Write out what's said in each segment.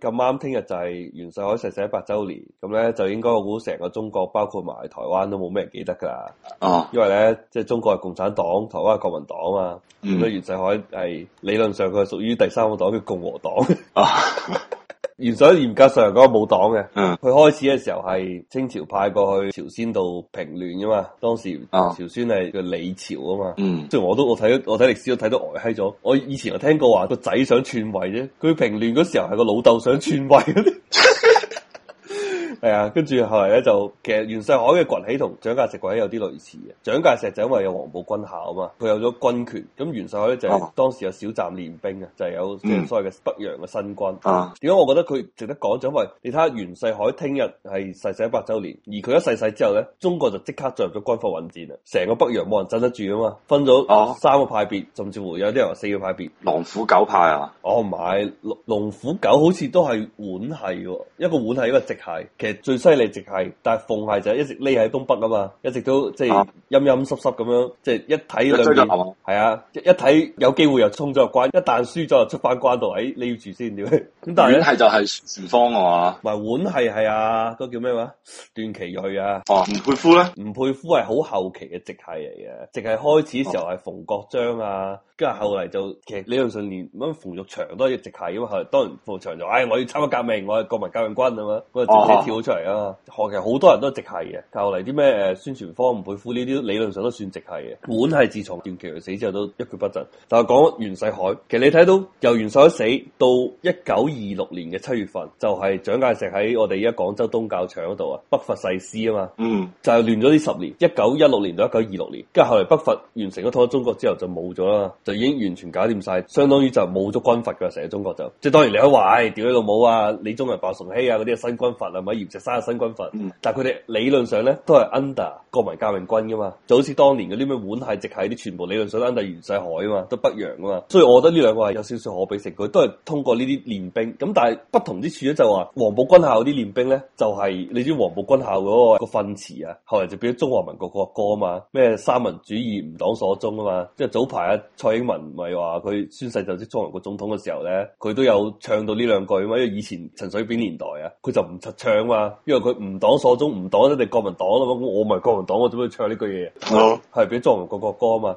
咁啱，聽日就係袁世凱逝世一百週年，咁咧就應該估成個中國，包括埋台灣都冇咩人記得噶啦。哦，oh. 因為咧，即、就、係、是、中國係共產黨，台灣係國民黨啊嘛。咁咧，袁世凱係理論上佢係屬於第三個黨，叫共和黨。Oh. 原上嚴格上嚟講冇黨嘅，佢、嗯、開始嘅時候係清朝派過去朝鮮度平亂噶嘛，當時朝鮮係個李朝啊嘛，即、嗯、然我都我睇我睇歷史都睇到呆閪咗。我以前有聽過話個仔想串位啫，佢平亂嗰時候係個老豆想串位啲。 係啊，跟住、哎、後嚟咧就其實袁世凱嘅崛起同蔣介石崛起有啲類似嘅。蔣介石就因為有黃埔軍校啊嘛，佢有咗軍權，咁袁世凱咧就係當時有小站練兵啊，就係有即係所謂嘅北洋嘅新軍。點解、嗯啊、我覺得佢值得講？就因為你睇下袁世凱聽日係逝世一百週年，而佢一逝世，世之後咧，中國就即刻進入咗軍閥混戰啊！成個北洋冇人鎮得住啊嘛，分咗三個派別，甚至乎有啲人話四個派別。啊哦、龍虎狗派啊？我唔係龍虎狗好似都係皖系喎，一個皖系一個係直系，最犀利直系，但係奉系就一直匿喺東北啊嘛，一直都即係陰陰濕濕咁樣，即係、啊、一睇兩年，係啊，一睇有機會又衝咗入關，一旦輸咗又出翻關度，哎匿住先點？咁、嗯、但係碗系就係徐方啊嘛，埋碗系係啊，嗰叫咩話？段祺瑞啊，哦、啊，吳佩孚咧？吳佩孚係好後期嘅直系嚟嘅。直系開始嘅時候係馮國璋啊，跟住後嚟就其實理論上連咁馮玉祥都係直系，因為後嚟當然馮玉祥就，唉、哎，我要參加革命，我係國民革命軍啊嘛，我直接跳。出嚟啊！學期好多人都直系嘅，教嚟啲咩誒宣傳科唔佩負呢啲理論上都算直系嘅。本係自從段祺瑞死之後都一蹶不振，但係講袁世凱，其實你睇到由袁世凱死到一九二六年嘅七月份，就係、是、蔣介石喺我哋而家廣州東教場度啊，北伐誓師啊嘛，嗯，就係亂咗呢十年，一九一六年到一九二六年，跟住後嚟北伐完成咗統一中國之後就冇咗啦，就已經完全搞掂晒，相當於就冇咗軍閥㗎，成個中國就，即係當然你喺話屌你老母啊，李宗仁、白崇禧啊嗰啲新軍閥係、啊、咪？就生咗新軍閥，但係佢哋理論上咧都係 under 國民革命軍噶嘛，就好似當年嗰啲咩皖系、直系啲全部理論上 under 袁世凱啊嘛，都北洋啊嘛，所以我覺得呢兩個係有少少可比性，佢都係通過呢啲練兵，咁但係不同之處咧就話、是、黃埔軍校啲練兵咧就係、是、你知黃埔軍校嗰個個訓詞啊，後嚟就變咗中華民國國歌啊嘛，咩三民主義吾黨所宗啊嘛，即、就、係、是、早排啊蔡英文唔係話佢宣誓就職中華民國總統嘅時候咧，佢都有唱到呢兩句啊嘛，因為以前陳水扁年代啊，佢就唔出唱啊。因為佢吾黨所宗，吾黨即係國民黨啦嘛，我唔係國民黨，我點會唱呢句嘢？係俾中華民國國歌啊嘛。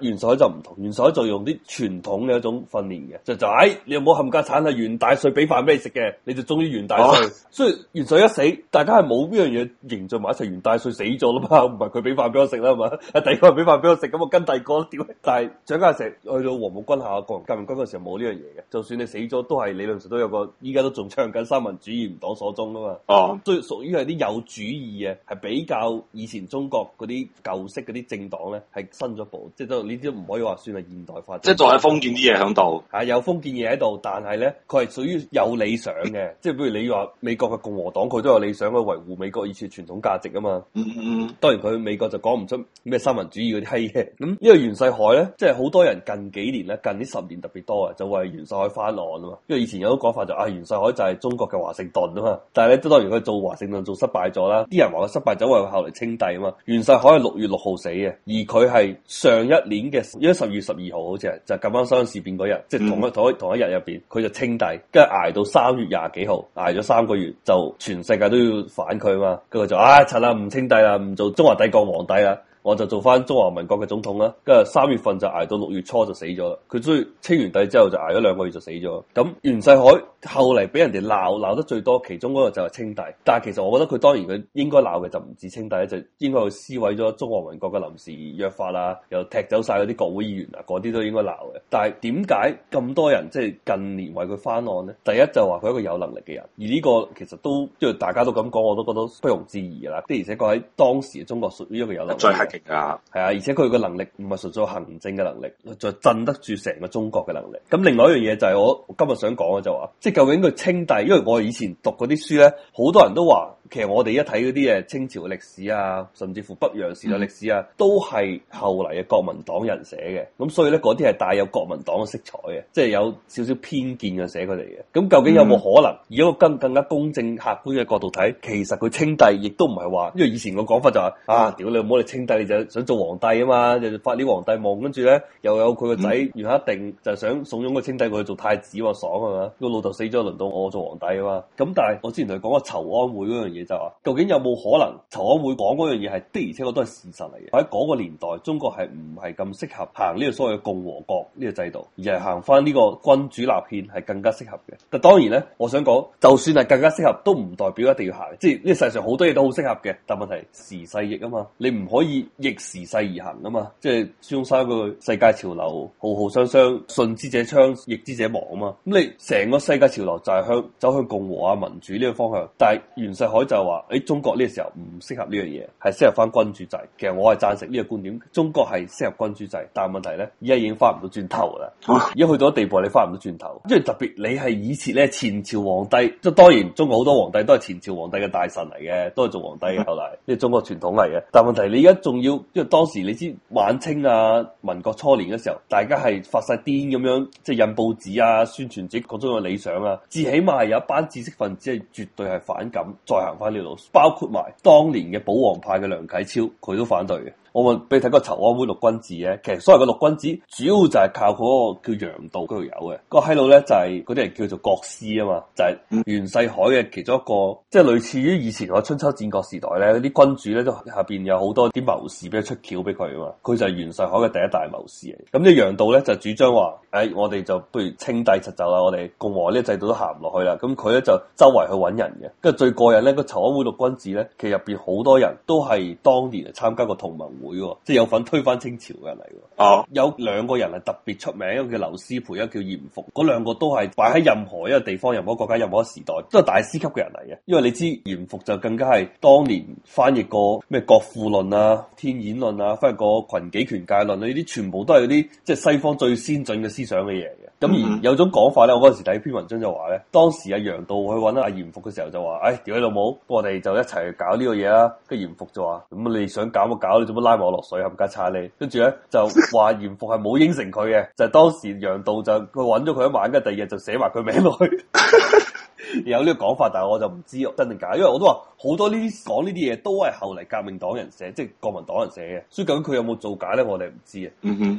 袁帥就唔同，袁帥就用啲傳統嘅一種訓練嘅，就就喺、哎、你有冇冚家產啊？袁大帥俾飯俾你食嘅，你就忠於袁大帥。啊、雖然袁帥一死，大家係冇呢樣嘢凝聚埋一齊。袁大帥死咗啦嘛，唔係佢俾飯俾我食啦嘛，第個俾飯俾我食，咁我跟第二個。屌！但係蔣介石去到黃埔軍校、國民革命軍嗰時候冇呢樣嘢嘅，就算你死咗，都係理論上都有個，依家都仲唱緊三民主義吾黨所宗噶嘛。哦、啊啊，所以屬於係啲有主義嘅，係比較以前中國嗰啲舊式嗰啲政黨咧，係新咗步，即係呢啲都唔可以話算係現代化，即係仲係封建啲嘢喺度，係、啊、有封建嘢喺度，但係咧佢係屬於有理想嘅，即係譬如你話美國嘅共和黨，佢都有理想去維護美國以前傳統價值啊嘛。嗯嗯嗯，當然佢美國就講唔出咩三民主義嗰啲閪嘅。咁 因為袁世凱咧，即係好多人近幾年咧，近呢十年特別多啊，就為袁世凱翻案啊嘛。因為以前有個講法就是、啊，袁世凱就係中國嘅華盛頓啊嘛。但係咧都當然佢做華盛頓做失敗咗啦，啲人話佢失敗，就為佢後嚟稱帝啊嘛。袁世凱係六月六號死嘅，而佢係上一年嘅，因為十月十二號好似係就咁啱相生事變嗰日。嗯、即係同一同一同一日入邊，佢就稱帝，跟住捱到三月廿幾號，捱咗三個月，就全世界都要反佢嘛，跟住就啊，陳啊，唔稱帝啦，唔做中華帝國皇帝啦。我就做翻中華民國嘅總統啦，跟住三月份就捱到六月初就死咗啦。佢所以清完帝之後就捱咗兩個月就死咗。咁袁世凱後嚟俾人哋鬧鬧得最多，其中嗰個就係清帝。但係其實我覺得佢當然佢應該鬧嘅就唔止清帝就應該佢撕毀咗中華民國嘅臨時約法啊，又踢走晒嗰啲國會議員啊，嗰啲都應該鬧嘅。但係點解咁多人即係、就是、近年為佢翻案呢？第一就話佢一個有能力嘅人，而呢個其實都因為大家都咁講，我都覺得不容置疑啦。的而且佢喺當時嘅中國屬於一個有能力嘅人。啊，係啊，而且佢個能力唔係純粹行政嘅能力，再鎮得住成個中國嘅能力。咁另外一樣嘢就係我今日想講嘅就話、是，即係究竟佢稱帝，因為我以前讀嗰啲書咧，好多人都話，其實我哋一睇嗰啲誒清朝嘅歷史啊，甚至乎北洋時代歷史啊，都係後嚟嘅國民黨人寫嘅。咁所以咧，嗰啲係帶有國民黨嘅色彩嘅，即係有少少偏見嘅寫佢哋嘅。咁究竟有冇可能，以一個更更加公正客觀嘅角度睇，其實佢稱帝亦都唔係話，因為以前個講法就話、是、啊，屌你，唔好你稱帝。就想做皇帝啊嘛，就發啲皇帝夢，跟住咧又有佢個仔，然後、嗯、一定就想慫恿個稱帝，我去做太子，哇，爽係嘛？個老豆死咗，輪到我，我做皇帝啊嘛。咁但係我之前同佢講個籌安會嗰樣嘢，就話究竟有冇可能籌安會講嗰樣嘢係的，的，而且確都係事實嚟嘅。喺嗰個年代，中國係唔係咁適合行呢個所謂嘅共和國呢個制度，而係行翻呢個君主立憲係更加適合嘅。但當然咧，我想講，就算係更加適合，都唔代表一定要行。即係呢、這個、世上好多嘢都好適合嘅，但問題時勢易啊嘛，你唔可以。逆時勢而行啊嘛，即係孫中山嗰個世界潮流，浩浩湯湯，順之者昌，逆之者亡啊嘛。咁、嗯、你成個世界潮流就係向走向共和啊民主呢個方向，但係袁世凱就話：誒、欸，中國呢個時候唔適合呢樣嘢，係適合翻君主制。其實我係贊成呢個觀點，中國係適合君主制，但係問題咧，依家已經翻唔到轉頭啦。一去到咗地步，你翻唔到轉頭，因為特別你係以前咧前朝皇帝，即係當然中國好多皇帝都係前朝皇帝嘅大臣嚟嘅，都係做皇帝嘅後嚟，即係 中國傳統嚟嘅。但係問題你而家仲。要，因為當時你知晚清啊、民國初年嘅時候，大家係發晒癲咁樣，即係印報紙啊、宣傳自己各種嘅理想啊，至起碼係有一班知識分子係絕對係反感再行翻呢度，包括埋當年嘅保皇派嘅梁啟超，佢都反對嘅。我問，俾你睇個籌安會六君子咧，其實所謂嘅六君子主要就係靠嗰個叫楊度。嗰度有嘅，個閪佬咧就係嗰啲人叫做國師啊嘛，就係袁世凱嘅其中一個，即係類似於以前個春秋戰國時代咧，啲君主咧都下邊有好多啲謀士俾佢出橋俾佢啊嘛，佢就係袁世凱嘅第一大謀士嚟，咁呢楊度咧就主張話，誒我哋就不如清帝出走啦，我哋共和呢制度都行唔落去啦，咁佢咧就周圍去搵人嘅，跟住最過癮咧個籌安會六君子咧，其實入邊好多人都係當年嚟參加過同盟會。即係有份推翻清朝嘅人嚟，哦、啊，有兩個人係特別出名，一個叫劉師培，一個叫嚴復，嗰兩個都係擺喺任何一個地方、任何國家、任何個時代都係大師級嘅人嚟嘅。因為你知嚴復就更加係當年翻譯過咩《國富論》啊、《天演論》啊，翻譯過《群己權界論》啊，呢啲，全部都係啲即係西方最先進嘅思想嘅嘢。咁而有種講法咧，我嗰陣時睇篇文章就話咧，當時阿楊度去揾阿嚴復嘅時候就話：誒、哎，屌你老母，我哋就一齊去搞呢個嘢啦。跟住嚴復就話：咁、嗯、你想搞咪搞，你做乜拉我落水，冚家鏟你。跟住咧就話嚴復係冇應承佢嘅，就係、是、當時楊度就佢揾咗佢一晚，跟住第二日就寫埋佢名落去。 有呢個講法，但係我就唔知真定假，因為我都話好多呢啲講呢啲嘢都係後嚟革命黨人寫，即係國民黨人寫嘅，所以究竟佢有冇造假呢？我哋唔知啊。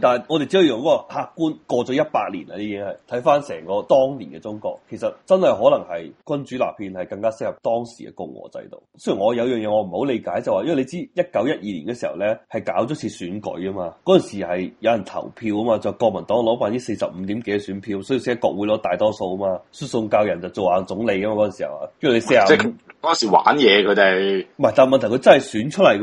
但係我哋只要用嗰個客觀過咗一百年啦，啲嘢係睇翻成個當年嘅中國，其實真係可能係君主立憲係更加適合當時嘅共和制度。雖然我有樣嘢我唔好理解，就話、是、因為你知一九一二年嘅時候呢係搞咗次選舉啊嘛，嗰陣時係有人投票啊嘛，就是、國民黨攞百分之四十五點幾嘅選票，所以先喺國會攞大多數啊嘛，宋教仁就做硬。總理嘅嘛，嗰陣時候啊，叫你試下。嗰時玩嘢佢哋，唔係，但問題佢真係選出嚟嘅，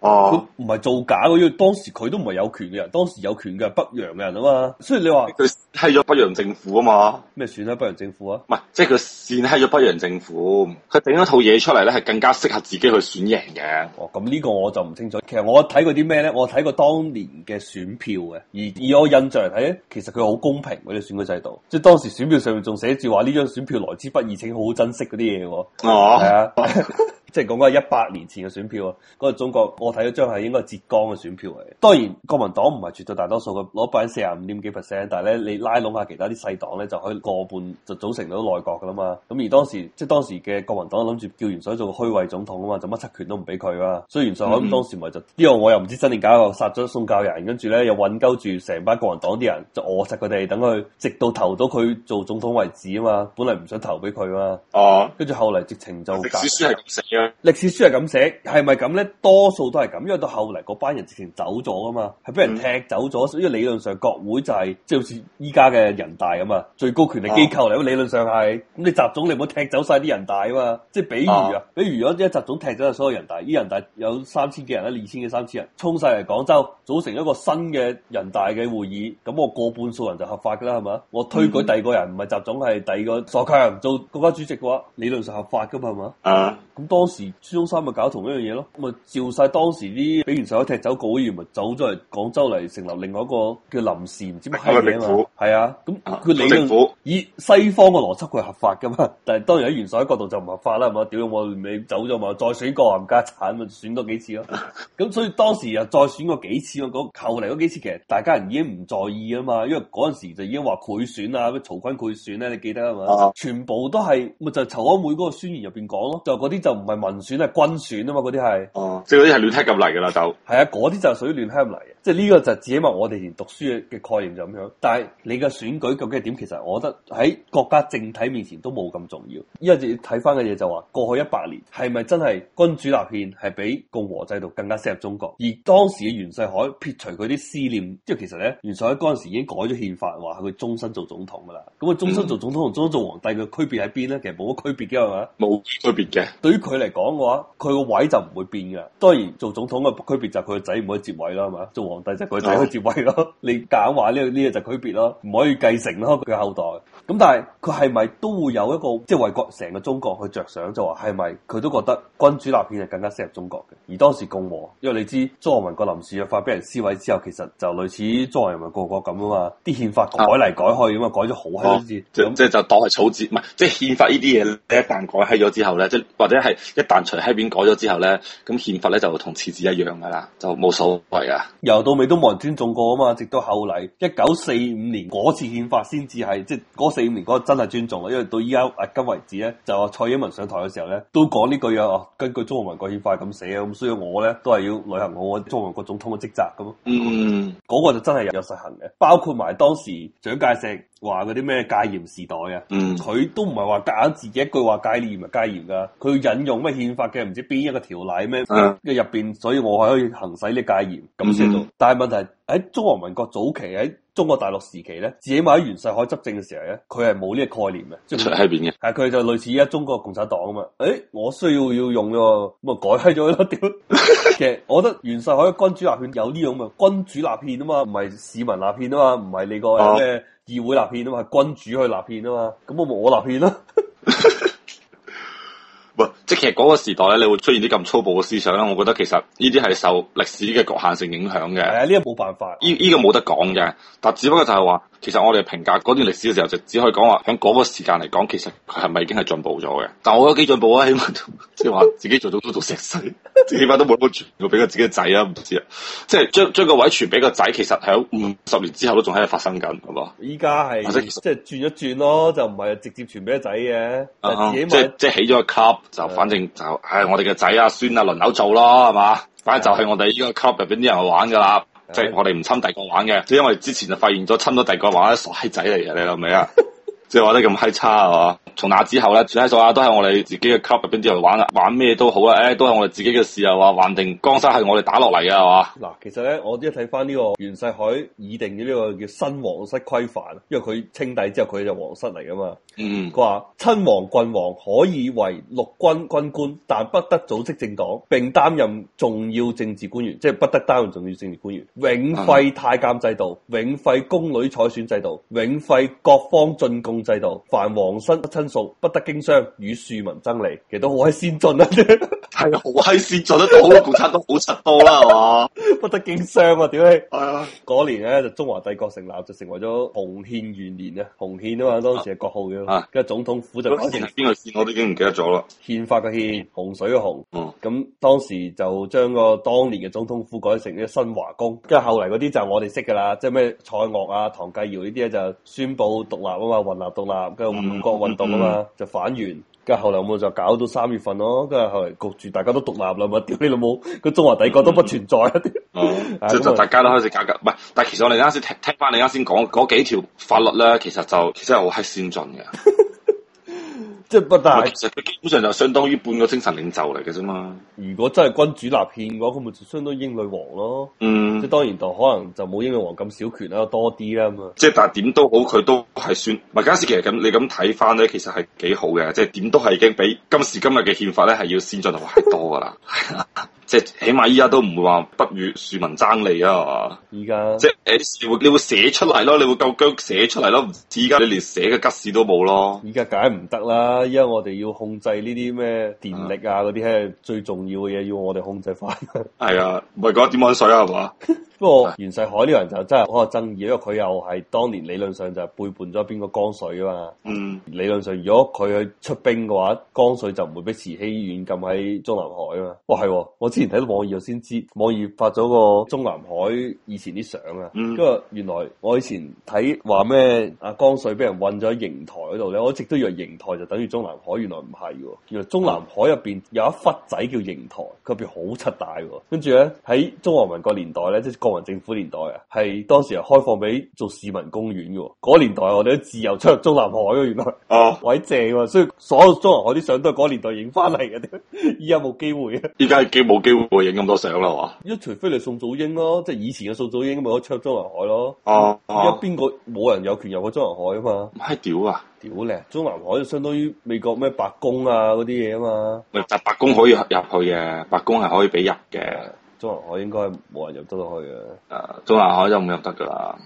佢唔係造假嘅，因為當時佢都唔係有權嘅人，當時有權嘅係北洋嘅人啊嘛。所以你話佢欺咗北洋政府啊嘛？咩選咗北洋政府啊？唔係，即係佢善欺咗北洋政府，佢整一套嘢出嚟咧，係更加適合自己去選贏嘅。哦，咁、嗯、呢、這個我就唔清楚。其實我睇過啲咩咧？我睇過當年嘅選票嘅，而以我印象嚟睇咧，其實佢好公平嗰啲選舉制度，即係當時選票上面仲寫住話呢張選票來之不易，請好珍惜嗰啲嘢嘅。哦。 即係講緊一百年前嘅選票啊，嗰個中國我睇咗張係應該浙江嘅選票嚟。當然國民黨唔係絕對大多數，嘅，攞百四十五點幾 percent，但係咧你拉攏下其他啲細黨咧，就可以過半就組成到內閣噶啦嘛。咁而當時即係當時嘅國民黨諗住叫袁世凱做虛位總統啊嘛，就乜七權都唔俾佢啦。所以袁世凱咁當時咪就呢個我又唔知真定假，又殺咗宋教仁，跟住咧又穩鳩住成班國民黨啲人，就扼實佢哋，等佢，直到投到佢做總統為止啊嘛。本嚟唔想投俾佢啊嘛，哦、嗯，跟住後嚟直情就。歷但史書係咁寫，歷史書係咁寫，係咪咁咧？多數都係咁，因為到後嚟，嗰班人直情走咗啊嘛，係俾人踢走咗。嗯、所以理論上國會就係即係好似依家嘅人大咁嘛，最高權力機構嚟。啊、理論上係咁，你習總你唔好踢走晒啲人大啊嘛。即、就、係、是、比如啊，比如如果真係習總踢走咗所有人大，呢人大有三千幾人啊，二千幾三千人衝晒嚟廣州，組成一個新嘅人大嘅會議，咁我過半數人就合法噶啦，係嘛？我推舉第二個人唔係習總，係第二個傻強做國家主席嘅話，理論上合法噶嘛？啊！咁、uh, 當時孫中山咪搞同一樣嘢咯，咁啊照晒當時啲俾袁世凱踢走個委員，咪走咗嚟廣州嚟成立另外一個叫臨時，唔知乜閪名啊。係、嗯、啊，咁佢利用以西方嘅邏輯，佢係合法噶嘛。但係當然喺袁世凱角度就唔合法啦，係嘛？屌我，你走咗嘛，再選冚家鏟咪選多幾次咯。咁、uh, 所以當時又再選過幾次咯，嗰後嚟嗰幾次其實大家人已經唔在意啊嘛，因為嗰陣時就已經話佢選啊，籌安會佢選咧？你記得啊嘛？Uh, 全部都係咪就籌安會嗰個宣言入邊講。就嗰啲就唔係民選係軍選啊嘛，嗰啲係，即係嗰啲係亂踢咁嚟噶啦，就係啊，嗰啲就屬於亂踢咁嚟嘅，即係呢個就只起咪我哋連讀書嘅概念就咁樣，但係你嘅選舉究竟係點？其實我覺得喺國家政體面前都冇咁重要，因為要睇翻嘅嘢，就話過去一百年係咪真係君主立憲係比共和制度更加適合中國？而當時嘅袁世凱撇除佢啲思念，即係其實咧袁世凱嗰陣時已經改咗憲法，話佢終身做總統噶啦，咁佢終身做總統同終身做皇帝嘅區別喺邊咧？其實冇乜區別嘅係咪？冇。對於佢嚟講嘅話，佢個位就唔會變嘅。當然做總統嘅區別就係佢個仔唔可以接位啦，係嘛？做皇帝就佢仔可以接位咯。的 你講話呢啲嘢就區別咯，唔可以繼承咯佢後代。咁但係佢係咪都會有一個即係、就是、為國成個中國去着想？就話係咪佢都覺得君主立憲係更加適合中國嘅？而當時共和，因為你知中華民國臨時約法俾人撕毀之後，其實就類似中華人民共和國咁啊嘛，啲憲法改嚟改去咁啊，改咗好閪多次，即係、哦、就當係草紙，唔係即係憲法呢啲嘢，你一旦改閪咗之後咧。或者或者係一旦隨便改咗之後咧，咁憲法咧就同廁紙一樣噶啦，就冇所謂噶。由到尾都冇人尊重過啊嘛，直到後嚟一九四五年嗰次憲法先至係即係嗰四五年嗰個真係尊重啊，因為到依家至今為止咧，就蔡英文上台嘅時候咧，都講呢句嘢，哦、啊，根據中華民國憲法咁寫，啊，咁所以我咧都係要履行好我中華民國總統嘅職責咁。嗯，嗰個就真係有實行嘅，包括埋當時蔣介石。話嗰啲咩戒嚴時代啊，佢、嗯、都唔係話夾硬自己一句話戒嚴啊戒嚴噶，佢引用咩憲法嘅唔知邊一個條例咩嘅入邊，所以我係可以行使呢戒嚴咁先做。嗯、哼但係問題喺中華民國早期喺。中國大陸時期咧，自己埋喺袁世凱執政嘅時候咧，佢係冇呢個概念嘅， 即係喺邊嘅？係佢就類似依家中國共產黨啊嘛，誒、哎，我需要要用咯，咁啊改開咗咯，屌！ 其實我覺得袁世凱君主立憲有呢種啊，君主立憲啊嘛，唔係市民立憲啊嘛，唔係你個咩、啊、議會立憲啊嘛，君主去立憲啊嘛，咁我我立憲咯。 即係其實嗰個時代咧，你會出現啲咁粗暴嘅思想咧。我覺得其實呢啲係受歷史嘅局限性影響嘅。係呢個冇辦法，呢依個冇得講嘅。但只不過就係話，其實我哋評價嗰段歷史嘅時候，就只可以講話喺嗰個時間嚟講，其實佢係咪已經係進步咗嘅？但我覺得幾進步啊？起碼都即係話自己做到做到先。起碼都冇攞住，我傳俾佢自己個仔啊，唔知啊，即係將將個位傳俾個仔，其實喺五十年之後都仲喺度發生緊，係嘛？依家係即係是即係是轉一轉咯，就唔係直接傳俾個仔嘅。嗯嗯，即係即係起咗個 club 就反正就係我哋嘅仔啊孫啊輪流做咯，係嘛？是的 反正就係我哋依個 club 入邊啲人去玩噶啦，即係我哋唔侵第個玩嘅，因為之前就發現咗侵咗第個玩，傻閪仔嚟嘅你諗唔諗啊？ 即係話得咁閪差啊！從那之後咧，算喺數啊，都係我哋自己嘅 club 入邊啲人玩啦，玩咩都好啦，誒，都係我哋自己嘅事啊！話橫定江山係我哋打落嚟嘅係嘛？嗱，其實咧，我一睇翻呢個袁世凱擬定嘅呢個叫新皇室規範，因為佢稱帝之後佢就皇室嚟噶嘛。嗯，佢話親王郡王可以為陸軍軍官，但不得組織政黨，並擔任重要政治官員，即係不得擔任重要政治官員。永廢太監制度，嗯、永廢宮女採選制度，永廢各方進貢。制度，凡皇室親屬不得經商，與庶民爭利，其實都好閪先進啊！係好閪先進，都好多古察都好察多啦，哇！不得經商啊，點解！係啊，嗰、哎、呀年咧就中華帝國成立，就成為咗洪憲元年啊，洪憲啊嘛，當時嘅國號嘅，跟住係總統府就改成邊個憲，我都已經唔記得咗啦。憲法嘅憲，洪水嘅洪。咁、嗯、當時就將個當年嘅總統府改成一新華宮，跟住後嚟嗰啲就我哋識噶啦，即係咩蔡鍔啊、唐繼堯呢啲咧，就是、宣布獨立啊嘛，獨立嘅護國運動啊嘛，嗯嗯、就反完，跟住後來我就搞到三月份咯，跟住後來焗住大家都獨立啦嘛，屌你老母，個中華帝國都不存在一啲，就就大家都開始搞緊，唔係，但係其實我哋啱先聽翻你啱先講嗰幾條法律咧，其實就其實係好閪先進嘅。 即係不，但係其實佢基本上就相當於半個精神領袖嚟嘅啫嘛。如果真係君主立憲嘅話，佢咪相當於英女王咯。嗯，即係當然就可能就冇英女王咁小權啦，多啲啦嘛。即係但係點都好，佢都係算唔係？假使其實咁你咁睇翻咧，其實係幾好嘅。即係點都係已經比今時今日嘅憲法咧係要先進好多噶啦。 即係起碼依家都唔會話不與庶民爭利啊嘛。依家在即係你會你會寫出嚟咯，你會夠姜寫出嚟咯。而家你連寫嘅吉士都冇咯。而家梗係唔得啦。因為我哋要控制呢啲咩電力啊，嗰啲係最重要嘅嘢，要我哋控制翻。係啊，唔係講點樣水啊，係嘛？不過袁世凱呢個人就真係好有爭議，因為佢又係當年理論上就係背叛咗邊個江水啊嘛。嗯、理論上如果佢去出兵嘅話，江水就唔會俾慈禧軟禁喺中南海啊嘛。哇，係、哦，我之前睇到網頁先知，網頁發咗個中南海以前啲相啊。咁啊、嗯，原來我以前睇話咩啊江水俾人運咗喺瀛台嗰度咧，我一直都以為瀛台就等於中南海，原來唔係，原來中南海入邊有一忽仔叫瀛台，佢入邊好七大、啊。跟住咧喺中華民國年代咧即係。國民政府年代啊，係當時係開放俾做市民公園嘅、啊。嗰、那個、年代我哋都自由出入中南海啊。原來啊，鬼正啊，所以所有中南海啲相都係嗰年代影翻嚟嘅。依家冇機會啊！依家係幾冇機會影咁多相啦、啊，哇！一除非嚟宋祖英咯，即係以前嘅宋祖英咪可以出入中南海咯。哦哦、啊，而家邊個冇人有權入去中南海啊嘛？唔係屌啊！屌咧，中南海就相當於美國咩白宮啊嗰啲嘢啊嘛。咪白宮可以入去嘅，白宮係可以俾入嘅。中南海應該冇人入得到去嘅，誒、啊，中南海就唔入得㗎啦。啊。